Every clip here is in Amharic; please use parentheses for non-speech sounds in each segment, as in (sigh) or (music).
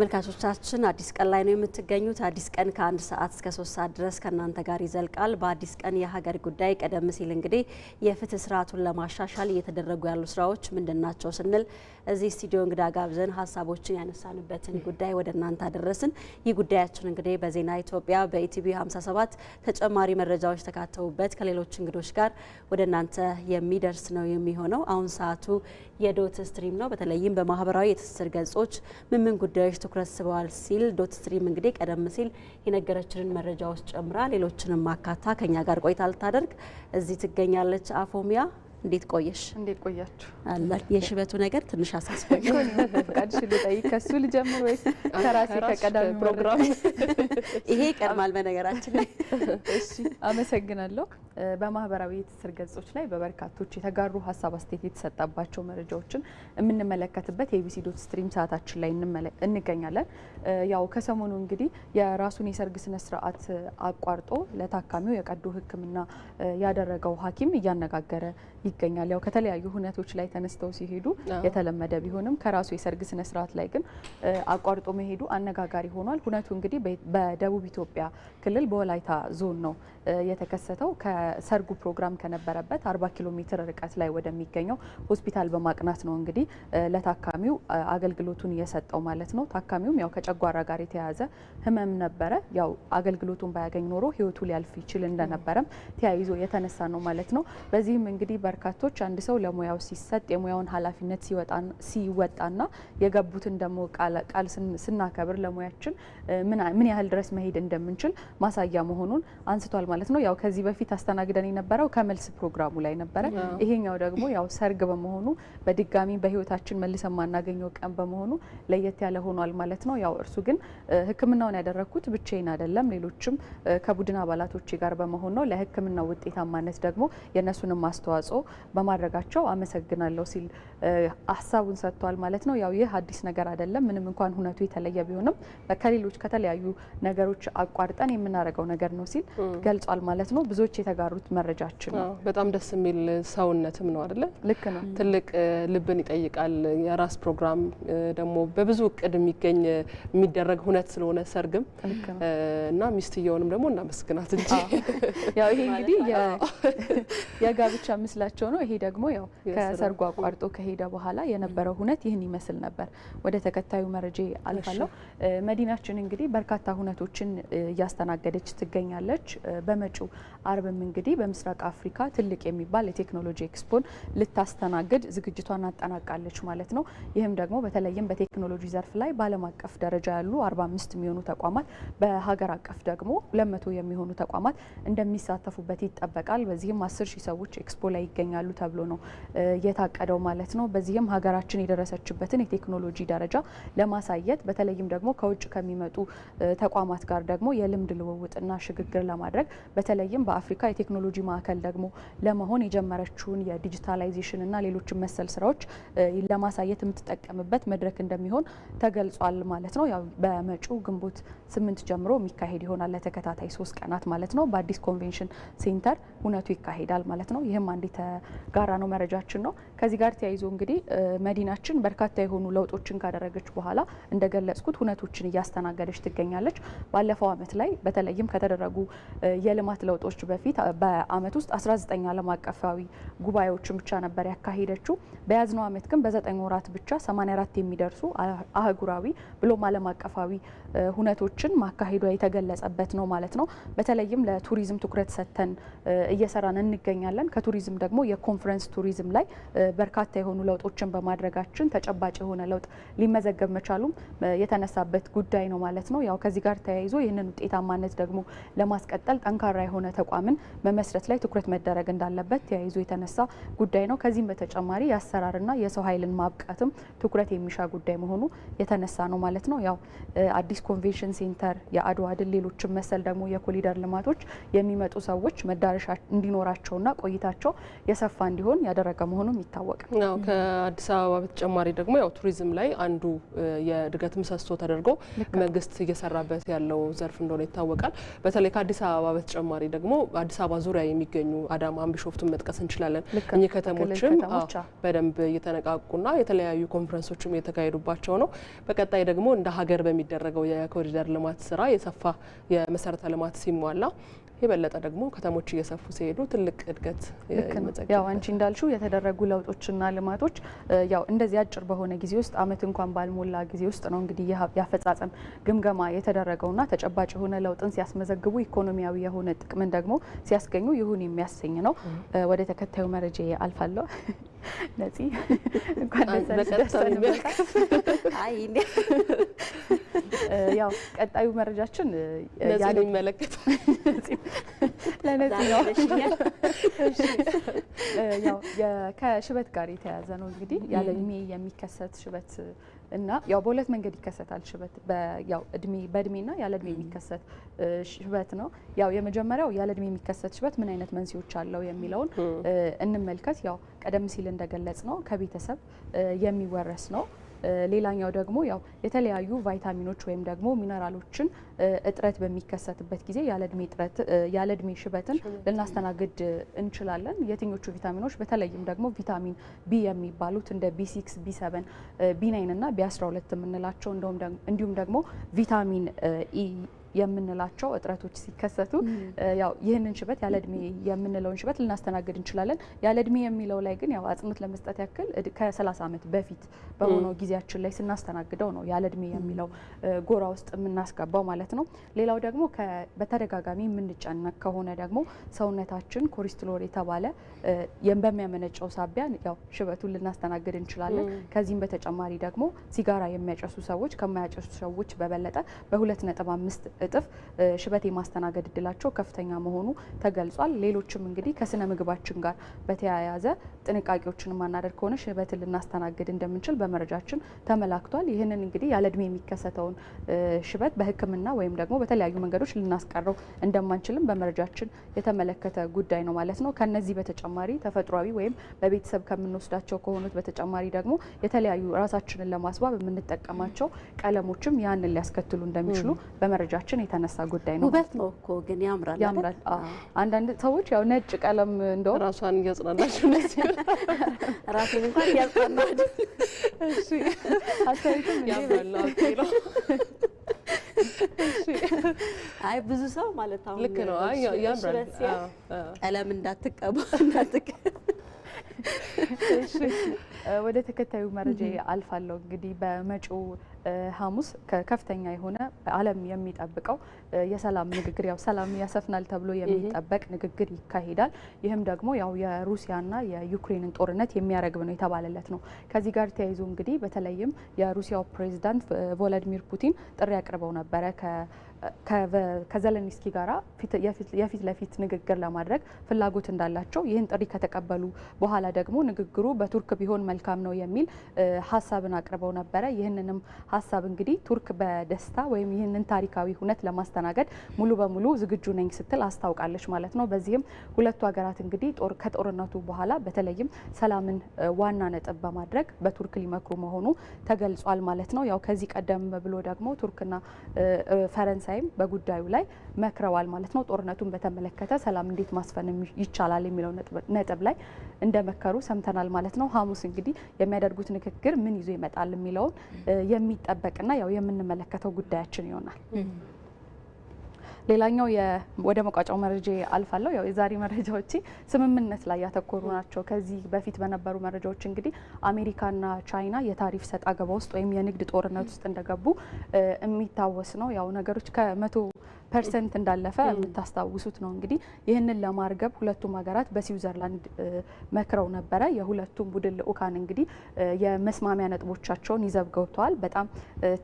ተመልካቾቻችን አዲስ ቀን ላይ ነው የምትገኙት። አዲስ ቀን ከአንድ ሰዓት እስከ ሶስት ሰዓት ድረስ ከእናንተ ጋር ይዘልቃል። በአዲስ ቀን የሀገር ጉዳይ ቀደም ሲል እንግዲህ የፍትህ ስርዓቱን ለማሻሻል እየተደረጉ ያሉ ስራዎች ምንድን ናቸው ስንል እዚህ ስቱዲዮ እንግዳ ጋብዘን ሀሳቦችን ያነሳንበትን ጉዳይ ወደ እናንተ አደረስን። ይህ ጉዳያችን እንግዲህ በዜና ኢትዮጵያ በኢቲቪ 57 ተጨማሪ መረጃዎች ተካተውበት ከሌሎች እንግዶች ጋር ወደ እናንተ የሚደርስ ነው የሚሆነው። አሁን ሰዓቱ የዶት ስትሪም ነው። በተለይም በማህበራዊ የትስስር ገጾች ምን ምን ጉዳዮች ትኩረት ስበዋል ሲል ዶት ስትሪም እንግዲህ ቀደም ሲል የነገረችንን መረጃ ውስጥ ጨምራ ሌሎችንም አካታ ከኛ ጋር ቆይታ ልታደርግ እዚህ ትገኛለች። አፎሚያ እንዴት ቆየሽ? እንዴት ቆያችሁ? አላ የሽበቱ ነገር ትንሽ አሳስቦኝ ፈቃድሽ ልጠይቅ ከሱ ልጀምር ወይስ ከራሴ ከቀዳሚ ፕሮግራም ይሄ ቀድማል በነገራችን ላይ እሺ፣ አመሰግናለሁ። በማህበራዊ ትስስር ገጾች ላይ በበርካቶች የተጋሩ ሀሳብ አስተያየት የተሰጠባቸው መረጃዎችን የምንመለከትበት የቢሲ ዶት ስትሪም ሰዓታችን ላይ እንገኛለን። ያው ከሰሞኑ እንግዲህ የራሱን የሰርግ ስነ ስርዓት አቋርጦ ለታካሚው የቀዶ ሕክምና ያደረገው ሐኪም እያነጋገረ ይገኛል። ያው ከተለያዩ ሁነቶች ላይ ተነስተው ሲሄዱ የተለመደ ቢሆንም ከራሱ የሰርግ ስነ ስርዓት ላይ ግን አቋርጦ መሄዱ አነጋጋሪ ሆኗል። ሁነቱ እንግዲህ በደቡብ ኢትዮጵያ ክልል በወላይታ ዞን ነው የተከሰተው። ከሰርጉ ፕሮግራም ከነበረበት 40 ኪሎ ሜትር ርቀት ላይ ወደሚገኘው ሆስፒታል በማቅናት ነው እንግዲህ ለታካሚው አገልግሎቱን የሰጠው ማለት ነው። ታካሚውም ያው ከጨጓራ ጋር የተያያዘ ህመም ነበረ። ያው አገልግሎቱን ባያገኝ ኖሮ ህይወቱ ሊያልፍ ይችል እንደነበረም ተያይዞ የተነሳ ነው ማለት ነው። በዚህም እንግዲህ በርካቶች አንድ ሰው ለሙያው ሲሰጥ የሙያውን ኃላፊነት ሲወጣና የገቡትን ደግሞ ቃል ስናከብር ለሙያችን ምን ያህል ድረስ መሄድ እንደምንችል ማሳያ መሆኑን አንስቷል ማለት ነው። ያው ከዚህ በፊት አስተናግደን የነበረው ከመልስ ፕሮግራሙ ላይ ነበረ። ይሄኛው ደግሞ ያው ሰርግ በመሆኑ በድጋሚ በህይወታችን መልሰን ማናገኘው ቀን በመሆኑ ለየት ያለ ሆኗል ማለት ነው። ያው እርሱ ግን ሕክምናውን ያደረግኩት ብቻዬን አይደለም፣ ሌሎችም ከቡድን አባላቶቼ ጋር በመሆን ነው። ለሕክምናው ውጤታማነት ደግሞ የእነሱንም አስተዋጽኦ በማድረጋቸው አመሰግናለሁ ሲል ሀሳቡን ሰጥቷል ማለት ነው። ያው ይህ አዲስ ነገር አይደለም። ምንም እንኳን ሁነቱ የተለየ ቢሆንም ከሌሎች ከተለያዩ ነገሮች አቋርጠን የምናደርገው ነገር ነው ሲል ገልጿል ማለት ነው። ብዙዎች የተጋሩት መረጃችን ነው። በጣም ደስ የሚል ሰውነትም ነው አይደለ? ልክ ነው። ትልቅ ልብን ይጠይቃል። የራስ ፕሮግራም ደግሞ በብዙ እቅድ የሚገኝ የሚደረግ ሁነት ስለሆነ ሰርግም እና ሚስትየውንም ደግሞ እናመስግናት እንጂ ያው ይሄ እንግዲህ የጋብቻ ምስላችን ያላቸው ነው። ይሄ ደግሞ ያው ከሰርጉ አቋርጦ ከሄደ በኋላ የነበረው ሁነት ይህን ይመስል ነበር። ወደ ተከታዩ መረጃ አልፋለሁ። መዲናችን እንግዲህ በርካታ ሁነቶችን እያስተናገደች ትገኛለች። በመጪው አርብም እንግዲህ በምስራቅ አፍሪካ ትልቅ የሚባል የቴክኖሎጂ ኤክስፖን ልታስተናግድ ዝግጅቷን አጠናቃለች ማለት ነው። ይህም ደግሞ በተለይም በቴክኖሎጂ ዘርፍ ላይ በዓለም አቀፍ ደረጃ ያሉ 45 የሚሆኑ ተቋማት በሀገር አቀፍ ደግሞ 200 የሚሆኑ ተቋማት እንደሚሳተፉበት ይጠበቃል። በዚህም 10 ሺህ ሰዎች ኤክስፖ ላይ ይገኛል። ይገኛሉ ተብሎ ነው የታቀደው ማለት ነው። በዚህም ሀገራችን የደረሰችበትን የቴክኖሎጂ ደረጃ ለማሳየት በተለይም ደግሞ ከውጭ ከሚመጡ ተቋማት ጋር ደግሞ የልምድ ልውውጥና ሽግግር ለማድረግ በተለይም በአፍሪካ የቴክኖሎጂ ማዕከል ደግሞ ለመሆን የጀመረችውን የዲጂታላይዜሽን እና ሌሎች መሰል ስራዎች ለማሳየት የምትጠቀምበት መድረክ እንደሚሆን ተገልጿል ማለት ነው። ያው በመጪው ግንቦት ስምንት ጀምሮ የሚካሄድ ይሆናል ለተከታታይ ሶስት ቀናት ማለት ነው። በአዲስ ኮንቬንሽን ሴንተር እውነቱ ይካሄዳል ማለት ነው። ይህም አንድ የጋራ ነው መረጃችን ነው። ከዚህ ጋር ተያይዞ እንግዲህ መዲናችን በርካታ የሆኑ ለውጦችን ካደረገች በኋላ እንደገለጽኩት ሁነቶችን እያስተናገደች ትገኛለች። ባለፈው ዓመት ላይ በተለይም ከተደረጉ የልማት ለውጦች በፊት በአመት ውስጥ 19 ዓለም አቀፋዊ ጉባኤዎችን ብቻ ነበር ያካሄደችው። በያዝነው ዓመት ግን በዘጠኝ ወራት ብቻ 84 የሚደርሱ አህጉራዊ ብሎም አለም አቀፋዊ ሁነቶችን ማካሄዷ የተገለጸበት ነው ማለት ነው። በተለይም ለቱሪዝም ትኩረት ሰጥተን እየሰራን እንገኛለን። ከቱሪዝም ደግሞ የኮንፈረንስ ቱሪዝም ላይ በርካታ የሆኑ ለውጦችን በማድረጋችን ተጨባጭ የሆነ ለውጥ ሊመዘገብ መቻሉም የተነሳበት ጉዳይ ነው ማለት ነው። ያው ከዚህ ጋር ተያይዞ ይህንን ውጤታማነት ደግሞ ለማስቀጠል ጠንካራ የሆነ ተቋምን መመስረት ላይ ትኩረት መደረግ እንዳለበት ተያይዞ የተነሳ ጉዳይ ነው። ከዚህም በተጨማሪ የአሰራርና የሰው ኃይልን ማብቃትም ትኩረት የሚሻ ጉዳይ መሆኑ የተነሳ ነው ማለት ነው። ያው አዲስ ኮንቬንሽን ሴንተር፣ የአድዋ ድል፣ ሌሎችም መሰል ደግሞ የኮሊደር ልማቶች የሚመጡ ሰዎች መዳረሻ እንዲኖራቸውና ቆይታቸው የሰፋ እንዲሆን ያደረገ መሆኑም ይታወቃል። ከአዲስ አበባ በተጨማሪ ደግሞ ያው ቱሪዝም ላይ አንዱ የእድገት ምሰሶ ተደርጎ መንግስት እየሰራበት ያለው ዘርፍ እንደሆነ ይታወቃል። በተለይ ከአዲስ አበባ በተጨማሪ ደግሞ አዲስ አበባ ዙሪያ የሚገኙ አዳማ ቢሾፍቱን መጥቀስ እንችላለን። እኚህ ከተሞችም በደንብ እየተነቃቁና የተለያዩ ኮንፈረንሶችም እየተካሄዱባቸው ነው። በቀጣይ ደግሞ እንደ ሀገር በሚደረገው የኮሪደር ልማት ስራ የሰፋ የመሰረተ ልማት ሲሟላ የበለጠ ደግሞ ከተሞች እየሰፉ ሲሄዱ ትልቅ እድገት ያው አንቺ እንዳልሽው የተደረጉ ለውጦችና ልማቶች ያው እንደዚህ አጭር በሆነ ጊዜ ውስጥ አመት እንኳን ባልሞላ ጊዜ ውስጥ ነው እንግዲህ ያፈጻጸም ግምገማ የተደረገውና ተጨባጭ የሆነ ለውጥን ሲያስመዘግቡ ኢኮኖሚያዊ የሆነ ጥቅምን ደግሞ ሲያስገኙ ይሁን የሚያሰኝ ነው። ወደ ተከታዩ መረጃ አልፋለሁ። (laughs) ነፂ (laughs) እንኳን ደስ (laughs) (laughs) ያው ቀጣዩ መረጃችን ነፂን ለነፂ ነው። ያው ከሽበት ጋር የተያያዘ ነው እንግዲህ ያለ እድሜ የሚከሰት ሽበት እና ያው በሁለት መንገድ ይከሰታል ሽበት። ያው እድሜ በእድሜና ያለ እድሜ የሚከሰት ሽበት ነው። ያው የመጀመሪያው ያለ እድሜ የሚከሰት ሽበት ምን አይነት መንስኤዎች አለው የሚለውን እንመልከት። ያው ቀደም ሲል እንደገለጽ ነው ከቤተሰብ የሚወረስ ነው። ሌላኛው ደግሞ ያው የተለያዩ ቫይታሚኖች ወይም ደግሞ ሚነራሎችን እጥረት በሚከሰትበት ጊዜ ያለእድሜ እጥረት ያለእድሜ ሽበትን ልናስተናግድ እንችላለን። የትኞቹ ቪታሚኖች በተለይም ደግሞ ቪታሚን ቢ የሚባሉት እንደ ቢ6፣ ቢ7፣ ቢ9 እና ቢ12 የምንላቸው እንዲሁም ደግሞ ቪታሚን የምንላቸው እጥረቶች ሲከሰቱ ያው ይህንን ሽበት ያለ እድሜ የምንለውን ሽበት ልናስተናግድ እንችላለን። ያለ እድሜ የሚለው ላይ ግን ያው አጽንኦት ለመስጠት ያክል ከ30 ዓመት በፊት በሆነው ጊዜያችን ላይ ስናስተናግደው ነው ያለ እድሜ የሚለው ጎራ ውስጥ የምናስገባው ማለት ነው። ሌላው ደግሞ በተደጋጋሚ የምንጨነቅ ከሆነ ደግሞ ሰውነታችን ኮሪስትሮል የተባለ በሚያመነጨው ሳቢያ ያው ሽበቱን ልናስተናግድ እንችላለን። ከዚህም በተጨማሪ ደግሞ ሲጋራ የሚያጨሱ ሰዎች ከማያጨሱ ሰዎች በበለጠ በሁለት ነጥብ አምስት እጥፍ ሽበት የማስተናገድ እድላቸው ከፍተኛ መሆኑ ተገልጿል። ሌሎችም እንግዲህ ከስነ ምግባችን ጋር በተያያዘ ጥንቃቄዎችን ማናደርግ ከሆነ ሽበትን ልናስተናግድ እንደምንችል በመረጃችን ተመላክቷል። ይህንን እንግዲህ ያለ እድሜ የሚከሰተውን ሽበት በሕክምና ወይም ደግሞ በተለያዩ መንገዶች ልናስቀረው እንደማንችልም በመረጃችን የተመለከተ ጉዳይ ነው ማለት ነው። ከነዚህ በተጨማሪ ተፈጥሯዊ ወይም በቤተሰብ ከምንወስዳቸው ከሆኑት በተጨማሪ ደግሞ የተለያዩ ራሳችንን ለማስዋብ የምንጠቀማቸው ቀለሞችም ያንን ሊያስከትሉ እንደሚችሉ በመረጃችን ከውበታችን የተነሳ ጉዳይ ነው። ውበት ነው እኮ ግን ያምራል ያምራል። አንዳንድ ሰዎች ያው ነጭ ቀለም እንደው ራሷን እያጽናናችሁ እንደዚህ ራሴን እንኳን እያጽናናችሁ እሺ፣ አስተያየትም ያምራል አይ ብዙ ሰው ማለት አሁን ልክ ነው። አይ ያምራል ቀለም እንዳትቀቡ እንዳትቀባ ወደ ተከታዩ መረጃ አልፋለሁ። እንግዲህ በመጪው ሐሙስ ከከፍተኛ የሆነ ዓለም የሚጠብቀው የሰላም ንግግር ያው ሰላም ያሰፍናል ተብሎ የሚጠበቅ ንግግር ይካሄዳል። ይህም ደግሞ ያው የሩሲያና የዩክሬንን ጦርነት የሚያረግብ ነው የተባለለት ነው። ከዚህ ጋር ተያይዞ እንግዲህ በተለይም የሩሲያው ፕሬዚዳንት ቮለዲሚር ፑቲን ጥሪ አቅርበው ነበረ ከዘለንስኪ ጋራ የፊት ለፊት ንግግር ለማድረግ ፍላጎት እንዳላቸው ይህን ጥሪ ከተቀበሉ በኋላ ደግሞ ንግግሩ በቱርክ ቢሆን መልካም ነው የሚል ሀሳብን አቅርበው ነበረ። ይህንንም ሀሳብ እንግዲህ ቱርክ በደስታ ወይም ይህንን ታሪካዊ ሁነት ለማስተናገድ ሙሉ በሙሉ ዝግጁ ነኝ ስትል አስታውቃለች ማለት ነው። በዚህም ሁለቱ ሀገራት እንግዲህ ከጦርነቱ በኋላ በተለይም ሰላምን ዋና ነጥብ በማድረግ በቱርክ ሊመክሩ መሆኑ ተገልጿል ማለት ነው። ያው ከዚህ ቀደም ብሎ ደግሞ ቱርክና ፈረንሳይም በጉዳዩ ላይ መክረዋል ማለት ነው። ጦርነቱን በተመለከተ ሰላም እንዴት ማስፈን ይቻላል የሚለው ነጥብ ላይ እንደ እንደሚመከሩ ሰምተናል ማለት ነው። ሐሙስ እንግዲህ የሚያደርጉት ንግግር ምን ይዞ ይመጣል የሚለውን የሚጠበቅና ያው የምንመለከተው ጉዳያችን ይሆናል። ሌላኛው ወደ መቋጫው መረጃ አልፋለሁ። ያው የዛሬ መረጃዎች ስምምነት ላይ ያተኮሩ ናቸው። ከዚህ በፊት በነበሩ መረጃዎች እንግዲህ አሜሪካና ቻይና የታሪፍ ሰጣ ገባ ውስጥ ወይም የንግድ ጦርነት ውስጥ እንደገቡ የሚታወስ ነው። ያው ነገሮች ከመቶ ፐርሰንት እንዳለፈ የምታስታውሱት ነው። እንግዲህ ይህንን ለማርገብ ሁለቱም ሀገራት በስዊዘርላንድ መክረው ነበረ። የሁለቱም ቡድን ልኡካን እንግዲህ የመስማሚያ ነጥቦቻቸውን ይዘው ገብተዋል። በጣም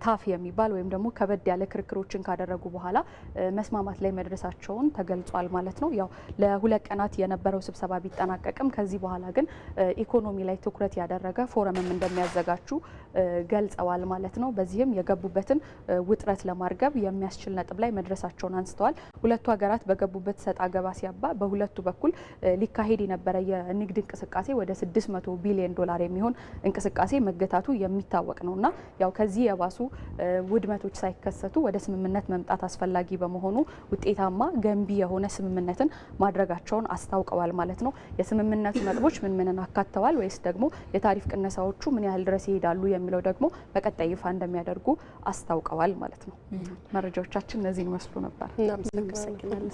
ታፍ የሚባል ወይም ደግሞ ከበድ ያለ ክርክሮችን ካደረጉ በኋላ መስማማት ላይ መድረሳቸውን ተገልጿል ማለት ነው። ያው ለሁለት ቀናት የነበረው ስብሰባ ቢጠናቀቅም ከዚህ በኋላ ግን ኢኮኖሚ ላይ ትኩረት ያደረገ ፎረምም እንደሚያዘጋጁ ገልጸዋል ማለት ነው። በዚህም የገቡበትን ውጥረት ለማርገብ የሚያስችል ነጥብ ላይ መድረሳቸው መሆናቸውን አንስተዋል። ሁለቱ ሀገራት በገቡበት ሰጣ ገባ ሲያባ በሁለቱ በኩል ሊካሄድ የነበረ የንግድ እንቅስቃሴ ወደ 600 ቢሊዮን ዶላር የሚሆን እንቅስቃሴ መገታቱ የሚታወቅ ነውና ያው ከዚህ የባሱ ውድመቶች ሳይከሰቱ ወደ ስምምነት መምጣት አስፈላጊ በመሆኑ ውጤታማ ገንቢ የሆነ ስምምነትን ማድረጋቸውን አስታውቀዋል ማለት ነው። የስምምነቱ ነጥቦች ምን ምንን አካተዋል ወይስ ደግሞ የታሪፍ ቅነሳዎቹ ምን ያህል ድረስ ይሄዳሉ የሚለው ደግሞ በቀጣይ ይፋ እንደሚያደርጉ አስታውቀዋል ማለት ነው። መረጃዎቻችን እነዚህን ይመስሉ ነበር። እናመሰግናለን።